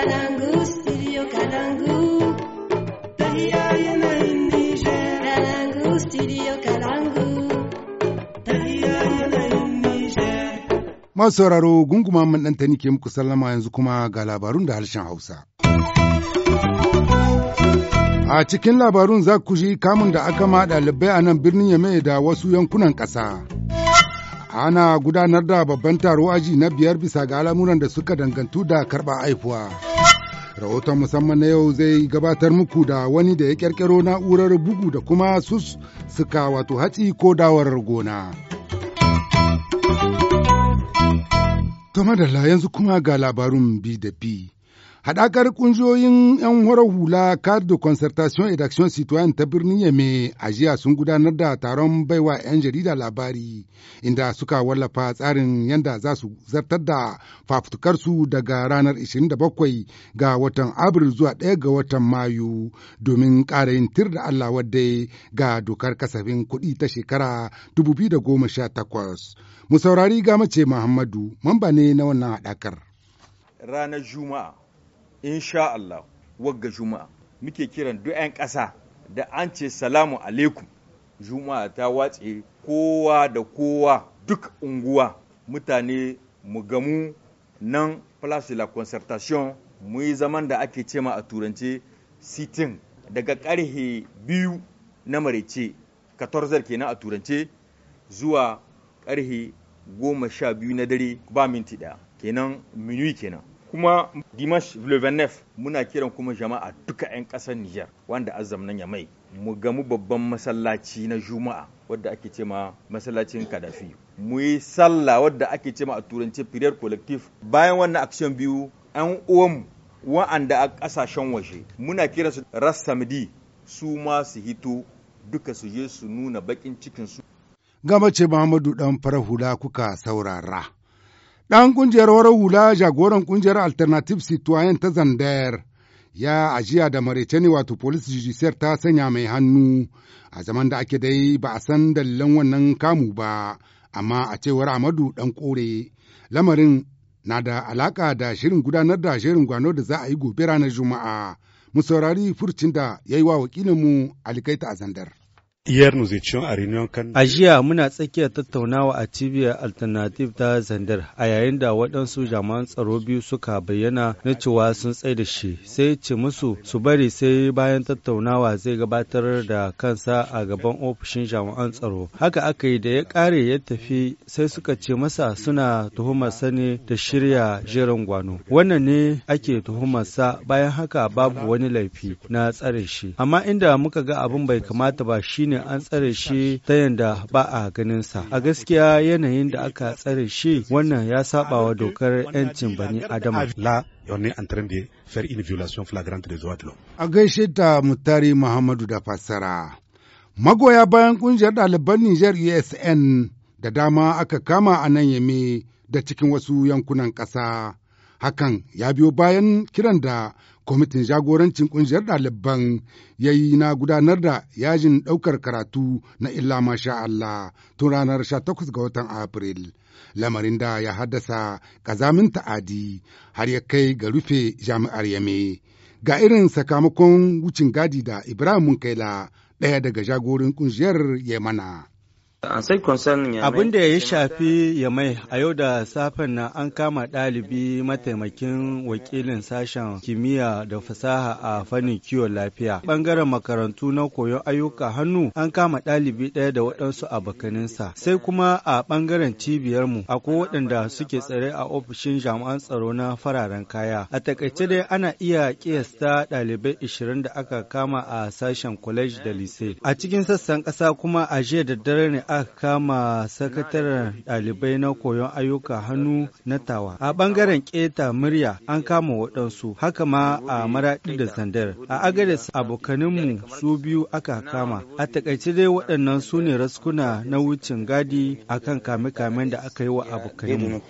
studio Masu sauraro gunguma mun ɗan tani ke muku sallama yanzu kuma ga labarun da harshen Hausa. A cikin labarun za ku ji kamun da aka ma ɗalibai a nan birnin Yame da wasu yankunan ƙasa. Ana gudanar da babban taro aji na biyar bisa ga al'amuran da suka dangantu da karɓa aifuwa. rahoton musamman na yau zai gabatar muku da wani da ya ƙirƙiro na'urar bugu da kuma sus suka wato hatsi ko dawarar gona. Tama da yanzu kuma ga labarun bi da bi. Haɗakar ƙungiyoyin 'yan horar hula Card de Concertation et d'Action Citoyen ta birnin Yame a jiya sun gudanar da taron baiwa 'yan jarida labari inda suka wallafa tsarin yadda za su zartar da fafutukarsu daga ranar 27 ga watan Abril zuwa 1 ga watan Mayu domin ƙara yin tir da Allah wadda ga dokar kasafin kuɗi ta shekara 2018. Mu saurari gamace Muhammadu, mamba ne na wannan haɗakar. Ranar Juma'a insha Allah wagga juma'a muke kiran duk 'yan ƙasa da an ce salamu alaikum juma'a ta watse kowa da kowa duk unguwa mutane mu gamu nan place la concertation mu yi zaman da ake cema a turance sitin daga ƙarhe biyu na marece 14 kenan a turance zuwa karhe goma sha biyu na dare ba minti ɗaya kenan minui kenan kuma dimash vlevenef muna kiran kuma jama'a duka 'yan ƙasar niger wanda azam ya mai mu gamu babban masallaci na juma'a wadda ake ce ma masallacin kadafi mu yi sallah wadda ake ce ma a turance prayer collective bayan wannan action biyu 'yan uwan wa'anda a ƙasashen waje muna kiran su rassamdi su ma su hito duka su je su nuna bakin cikinsu. Gama ce Muhammadu ɗan fara hula kuka saurara. Ɗan kungiyar warar hula jagoran kungiyar Alternative Citoyen ta zandar. ya ajiya da maritani ne wato polis Judiciaire ta sanya mai hannu a zaman da ake dai ba a san dalilan wannan kamu ba, amma a cewar Amadu ɗan kore lamarin na da alaƙa da shirin gudanar da shirin gwano da za a yi gobe ranar Juma'a. Mu saurari furcin da ya yi wa wakilinmu Alikaita a Zandar. A jiya muna tsakiyar tattaunawa a cibiyar Alternative ta Zandar a yayin da waɗansu jami'an tsaro biyu suka bayyana na cewa sun tsaye da shi sai ce musu su bari sai bayan tattaunawa zai gabatar da kansa a gaban ofishin jami'an tsaro. Haka aka yi da ya ƙare ya tafi sai suka ce masa suna tuhumar sani da shirya jerin gwano. Wannan ne ake tuhumar sa bayan haka babu wani laifi na tsare shi. Amma inda muka ga abin bai kamata ba shine shine an tsare shi ta yanda ba a ganin sa a gaskiya yanayin da aka tsare shi wannan ya saba wa dokar 'yancin bani adama la en train de faire une violation flagrante des droits de l'homme a gaishe ta mutari muhammadu da fassara magoya bayan kungiyar ɗaliban niger usn da dama aka kama a nan yame da cikin wasu yankunan ƙasa hakan ya biyo bayan kiran da kwamitin jagorancin ƙungiyar ɗaliban ya yi na gudanar da yajin ɗaukar karatu na illa masha Allah tun ranar 18 ga watan Afril. Lamarin da ya haddasa ƙazamin ta'adi har ya kai ga rufe jami'ar Yame. Ga irin sakamakon wucin gadi da Ibrahim Munkaila ɗaya daga jagorin ƙungiyar Yamana. Abin da ya shafi Yamai a yau da safen na an kama ɗalibi mataimakin wakilin sashen kimiyya da fasaha a fannin kiwon lafiya. Bangaren makarantu na koyon ayyuka hannu an kama ɗalibi ɗaya da waɗansu bakaninsa. Sai kuma a bangaren mu, akwai waɗanda suke tsare a ofishin jami'an tsaro na fararen kaya. A takaice dai ana iya kiyasta ɗalibai ishirin da aka kama a sashen kwaleji da lise. A cikin sassan ƙasa kuma a jiya da dare ne a kama sakataren ɗalibai na koyon ayyuka hannu na tawa. A ɓangaren keta murya an kama waɗansu, haka ma a maraɗi da sandar. A agares abokaninmu su biyu aka kama. A takaice dai waɗannan su ne raskuna na wucin gadi a kan kame-kamen da aka yi wa abokaninmu.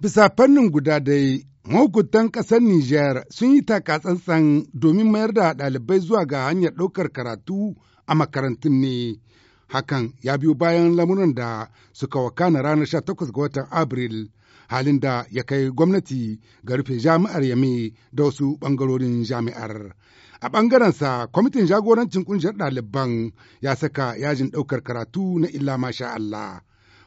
Bisa fannin guda dai, mahukuntan ƙasar Nijar sun yi takatsantsan domin mayar da ɗalibai zuwa ga hanyar ɗaukar karatu a makarantun ne hakan ya biyo bayan lamuran da suka wakana ranar 18 ga watan abril halin da ya kai gwamnati ga rufe jami'ar yami da wasu ɓangarorin jami'ar a ɓangarensa kwamitin jagorancin ƙungiyar ɗaliban ya saka yajin ɗaukar karatu na illa masha Allah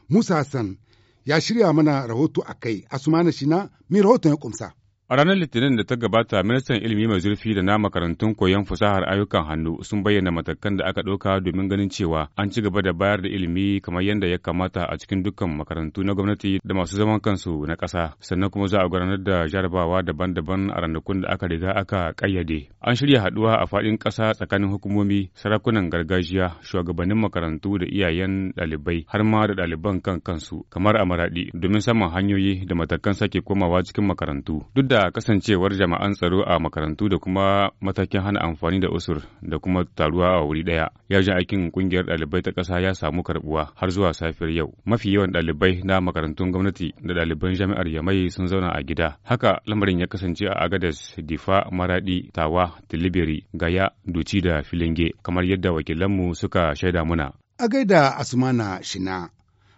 Musa Hassan ya shirya mana rahoto a kai Asumana Shina mai rahoton ya kumsa. A ranar Litinin da ta gabata, ministan ilimi mai zurfi da na makarantun koyon fasahar ayyukan hannu sun bayyana matakan da aka ɗauka domin ganin cewa an ci gaba da bayar da ilimi kamar yadda ya kamata a cikin dukkan makarantu na gwamnati da masu zaman kansu na ƙasa. Sannan kuma za a gudanar da jarabawa daban-daban a ranakun da aka riga aka ƙayyade. An shirya haɗuwa a faɗin ƙasa tsakanin hukumomi, sarakunan gargajiya, shugabannin makarantu da iyayen ɗalibai har ma da ɗaliban kan kansu kamar a maraɗi domin saman hanyoyi da matakan sake komawa cikin makarantu. Duk da da kasancewar jama'an tsaro a makarantu da kuma matakin hana amfani da usur da kuma taruwa a wuri ɗaya ji aikin kungiyar ɗalibai ta ƙasa ya samu karɓuwa har zuwa safiyar yau mafi yawan ɗalibai na makarantun gwamnati da ɗaliban jami'ar yamai sun zauna a gida haka lamarin ya kasance a agadas difa maradi tawa tilibiri gaya duci da filinge kamar yadda wakilanmu suka shaida muna a gaida asmana shina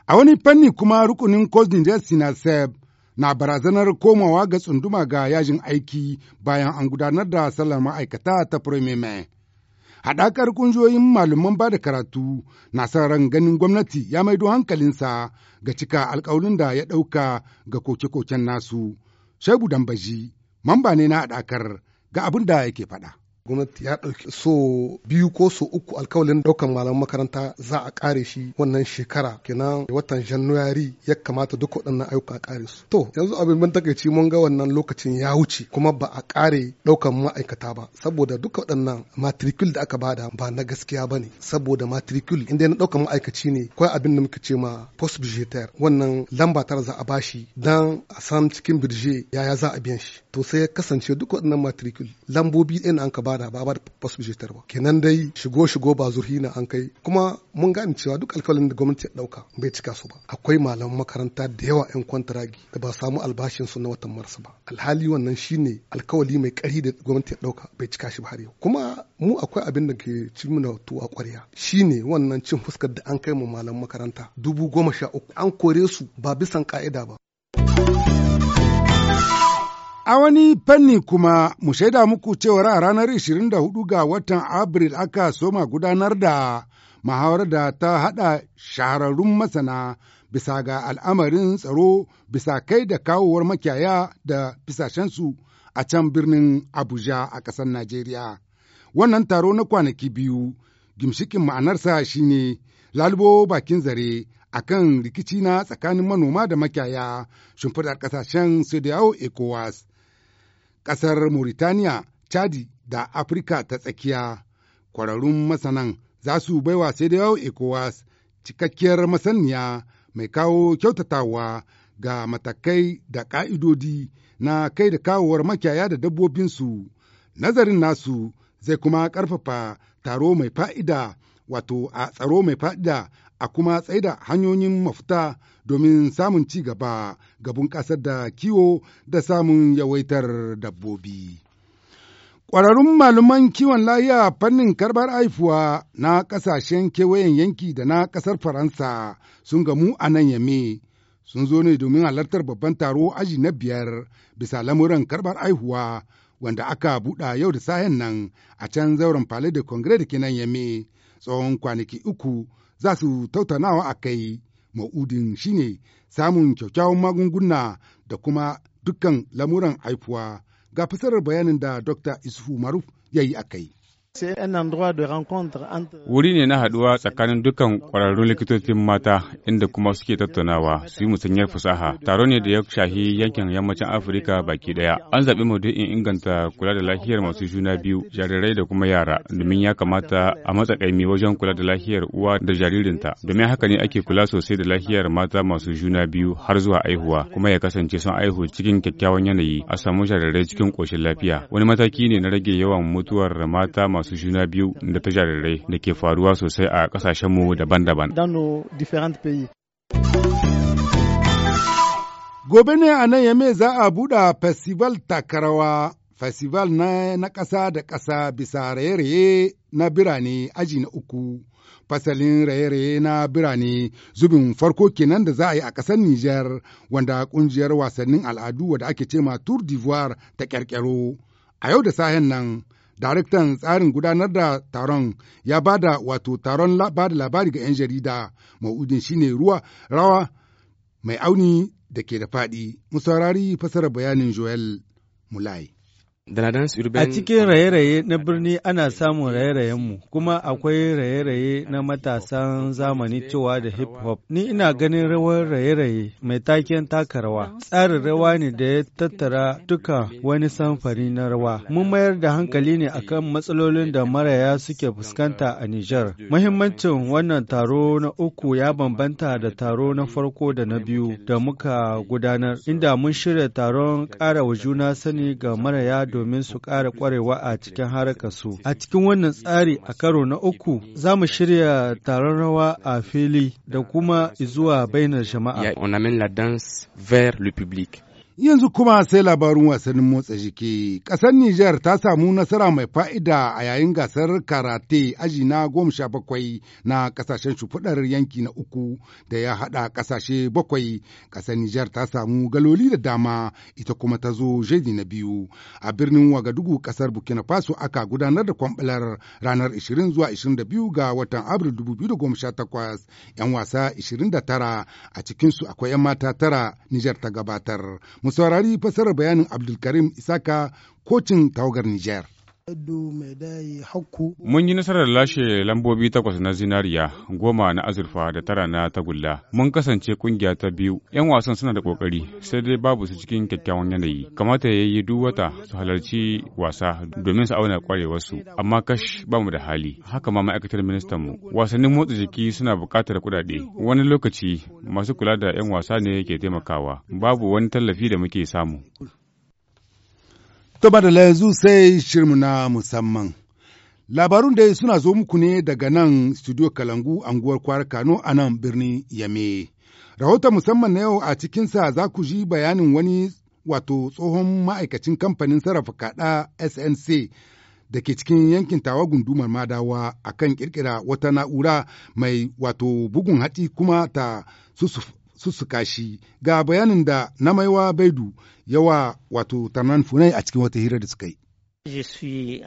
a wani fanni kuma rukunin jesse na sinaseb na barazanar komawa ga tsunduma ga yajin aiki bayan an gudanar da sallar ma'aikata ta Premier Haɗakar ƙungiyoyin malaman ba da karatu na ran ganin gwamnati ya maido hankalinsa ga cika alkawarin da ya ɗauka ga koke-koken nasu. Shaibu Dambaji, mamba ne na haɗakar ga abin da yake faɗa. gwamnati ya ɗauki so biyu ko so uku alkawalin ɗaukan malaman makaranta za a ƙare shi wannan shekara kenan watan januwari ya kamata duk waɗannan ayyuka a ƙare su to yanzu abin ban takaici mun ga wannan lokacin ya wuce kuma ba a ƙare ɗaukan ma'aikata ba saboda duka waɗannan matrikul da aka bada ba na gaskiya ba ne saboda matrikul inda na ɗaukan ma'aikaci ne kawai abin da muka ce ma post budgetaire wannan lamba tara za a bashi dan a san cikin birje yaya za a biyan shi to sai ya kasance duk waɗannan matrikul lambobi ɗaya an ka ba bada ba ba da kenan dai shigo shigo ba zurhi na an kai kuma mun gane cewa duk alkalin da gwamnati ya dauka bai cika su ba akwai malaman makaranta da yawa yan kwantaragi da ba samu albashin su na watan marsa ba alhali wannan shine alkawali mai kari da gwamnati ya dauka bai cika shi ba har yau kuma mu akwai abin da ke ci mana tuwa kwarya shine wannan cin fuskar da an kai mu malaman makaranta dubu goma sha uku an kore su ba bisan ka'ida ba A wani fanni kuma mu shaida muku cewar a ranar 24 ga watan Abril aka soma gudanar da muhawarar da ta haɗa shahararrun masana bisa ga al'amarin tsaro bisa kai da kawowar makiyaya da fisashensu a can birnin Abuja a ƙasar Najeriya. Wannan taro na kwanaki biyu, gimshikin ma'anarsa shi ne, lalubo bakin zare a kan rikici na tsakanin manoma da makiyaya shimfiɗar ƙasashen su da ECOWAS ƙasar Mauritania, Chadi da Afirka ta tsakiya. Kwararrun masanan za su baiwa sai da yau ECOWAS cikakkiyar masaniya mai kawo kyautatawa ga matakai da ƙa'idodi na kai da kawowar makiyaya da dabbobinsu. Nazarin nasu zai kuma ƙarfafa taro mai fa'ida wato a tsaro mai fa'ida a kuma tsaida hanyoyin mafita domin samun ci gaba ga bunƙasar da kiwo da samun yawaitar dabbobi. Ƙwararrun malaman kiwon lahiya fannin karɓar haifuwa na ƙasashen kewayen yanki da na ƙasar Faransa sun gamu a nan yame. Sun zo ne domin halartar babban taro aji na biyar bisa lamuran karbar haihuwa wanda aka buɗa yau da sahen nan a can zauren Palais de Congrès da ke nan yame tsawon kwanaki uku za su tautanawa a kai ma'udin shine samun kyakkyawan magunguna da kuma dukkan lamuran haifuwa ga fasarar bayanin da Dr. Isufu Maruf ya yi a kai. Wuri ne na haɗuwa tsakanin dukkan ƙwararrun likitocin mata inda kuma suke tattaunawa su yi musanyar fasaha. Taro ne da ya shahi yankin yammacin Afirka baki ɗaya. An zaɓi maudu'in inganta kula da lafiyar masu juna biyu, jarirai da kuma yara, domin ya kamata a matsakaimi wajen kula da lahiyar uwa da jaririnta. Domin haka ne ake kula sosai da lafiyar mata masu juna biyu har zuwa aihuwa, kuma ya kasance sun aihu cikin kyakkyawan yanayi, a samu jarirai cikin ƙoshin lafiya. Wani mataki ne na rage yawan mutuwar mata masu masu juna biyu da ta jarirai da ke faruwa sosai a mu daban-daban. Gobe ne a nan Yame za a buɗe festival takarawa, festival na ƙasa da ƙasa bisa raye-raye na birane aji na uku. fasalin raye-raye na birane zubin farko kenan da za a yi a ƙasar Nijar wanda ƙungiyar wasannin al'adu wadda ake cema Tour d'Ivoire ta ƙyarƙyaro. A yau da sahen nan daraktan tsarin gudanar da taron ya ba da wato taron ba labari ga 'yan jarida ma'udin shine ruwa rawa mai auni da ke da faɗi. musaurari fasara bayanin Joel Mulai. A cikin raye-raye na birni ana samun raye-rayenmu, kuma akwai raye-raye na matasan zamani cewa da hip hop. Ni ina ganin rawar raye-raye mai taken taka rawa. Tsarin rawa ne da ya tattara duka wani samfari na rawa. Mun mayar da hankali ne akan matsalolin da maraya suke fuskanta a Nijar. Muhimmancin wannan taro na uku ya bambanta da taro na farko da na biyu da muka gudanar, inda mun shirya taron ƙara wa juna sani ga maraya domin su ƙara ƙwarewa a cikin harakarsu. A cikin wannan tsari a karo na uku za mu shirya taron rawa a fili da kuma zuwa bainar jama'a. Yanzu kuma sai labarin wasannin motsa jiki. Ƙasar Nijar ta samu nasara mai fa'ida a yayin gasar karate aji na goma sha bakwai na ƙasashen shufuɗar yanki na uku da ya haɗa ƙasashe bakwai. Ƙasar Nijar ta samu galoli da dama ita kuma ta zo jeji na biyu. A birnin Wagadugu ƙasar Burkina Faso aka gudanar da kwamɓalar ranar 20 zuwa 22 ga watan Abril 2018 'yan wasa 29 a cikinsu akwai 'yan mata tara Nijar ta gabatar. saurari fasarar bayanin Abdulkarim Isaka kocin tawagar Niger. Mun yi nasarar lashe lambobi takwas na zinariya, goma na azurfa da tara na tagulla. Mun kasance kungiya ta biyu. 'Yan wasan suna da ƙoƙari, sai dai babu su cikin kyakkyawan yanayi. Kamata ya yi duwata su halarci wasa domin su auna ƙwarewarsu, amma kash ba mu da hali. Haka ma ma'aikatar ministanmu. Wasannin motsa jiki suna buƙatar kuɗaɗe. Wani lokaci masu kula da 'yan wasa ne ke taimakawa. Babu wani tallafi da muke samu. To ba da yanzu sai shirmu na musamman. Labarun dai suna zo muku ne daga nan studio Kalangu anguwar kwara Kano a nan birni, Yame. Rahoton musamman na yau a cikinsa za ku ji bayanin wani wato tsohon ma'aikacin kamfanin sarrafa kaɗa SNC da ke cikin yankin tawa gundumar madawa akan kan ƙirƙira wata na'ura mai wato bugun hatsi kuma ta susuf sussuka shi ga bayanin da na maiwa baidu yawa wato tarnan funai a cikin wata hira da suka yi. Euh,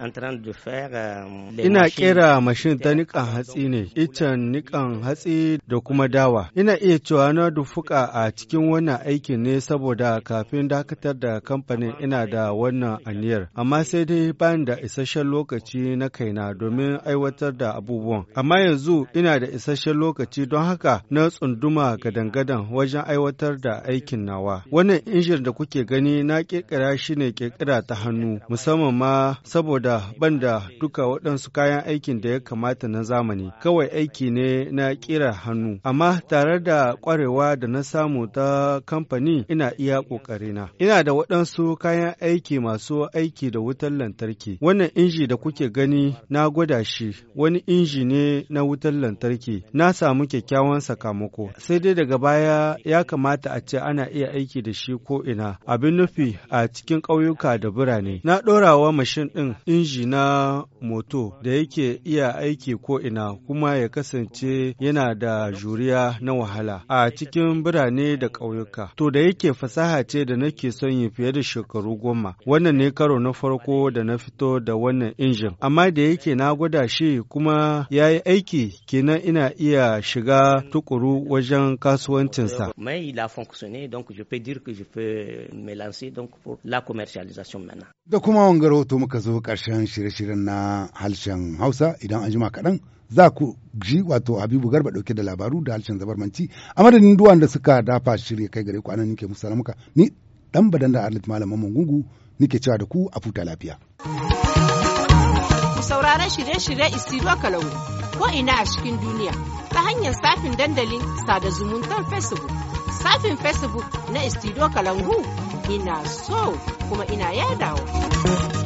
ina ƙera mashin ta niƙan hatsi ne, itan niƙan hatsi da kuma dawa. Ina iya cewa na dufuka a cikin wannan aikin ne saboda kafin dakatar da kamfanin ina da wannan aniyar. Amma sai dai bayan da isasshen lokaci na kaina domin aiwatar da abubuwan. Amma yanzu ina da isasshen lokaci don haka na tsunduma gadan-gadan wajen aiwatar da aikin nawa. Wannan injin da kuke gani na ƙirƙira shi ne ƙirƙira ta hannu, musamman ma amma saboda ban da duka waɗansu kayan aikin da ya kamata na zamani kawai aiki ne na ƙira hannu amma tare da ƙwarewa da na samu ta kamfani ina iya ƙoƙarina ina da waɗansu kayan aiki masu aiki da wutar lantarki wannan inji da kuke gani na gwada shi wani inji ne na wutar lantarki na samu kyakkyawan sakamako sai dai daga baya ya kamata a ce ana iya aiki da shi ko ina abin nufi a cikin ƙauyuka da birane na ɗorawa mashin ɗin inji na moto da yake iya aiki ko ina kuma ya kasance yana da juriya na wahala a cikin birane da ƙauyuka. To da yake fasaha ce da nake son yi fiye da shekaru goma. Wannan ne karo na farko da na fito da wannan injin. Amma da yake na gwada shi kuma ya yi aiki kenan ina iya shiga tukuru wajen kasuwancinsa. Da kuma wangaro zato muka zo karshen shirye-shiryen na harshen Hausa idan an jima kaɗan za ku ji wato Habibu Garba ɗauke da labaru da harshen zabarmanci a madadin duwan da suka dafa shirya kai gare ku anan nike musu muka ni dan badan da Arlit Mamman Gungu nike cewa da ku a futa lafiya. Ku sauraron shirye-shirye Istiro Kalau ko ina a cikin duniya ta hanyar safin dandalin sada zumuntar Facebook. Safin Facebook na Istiro Kalangu ina so kuma ina yadawa.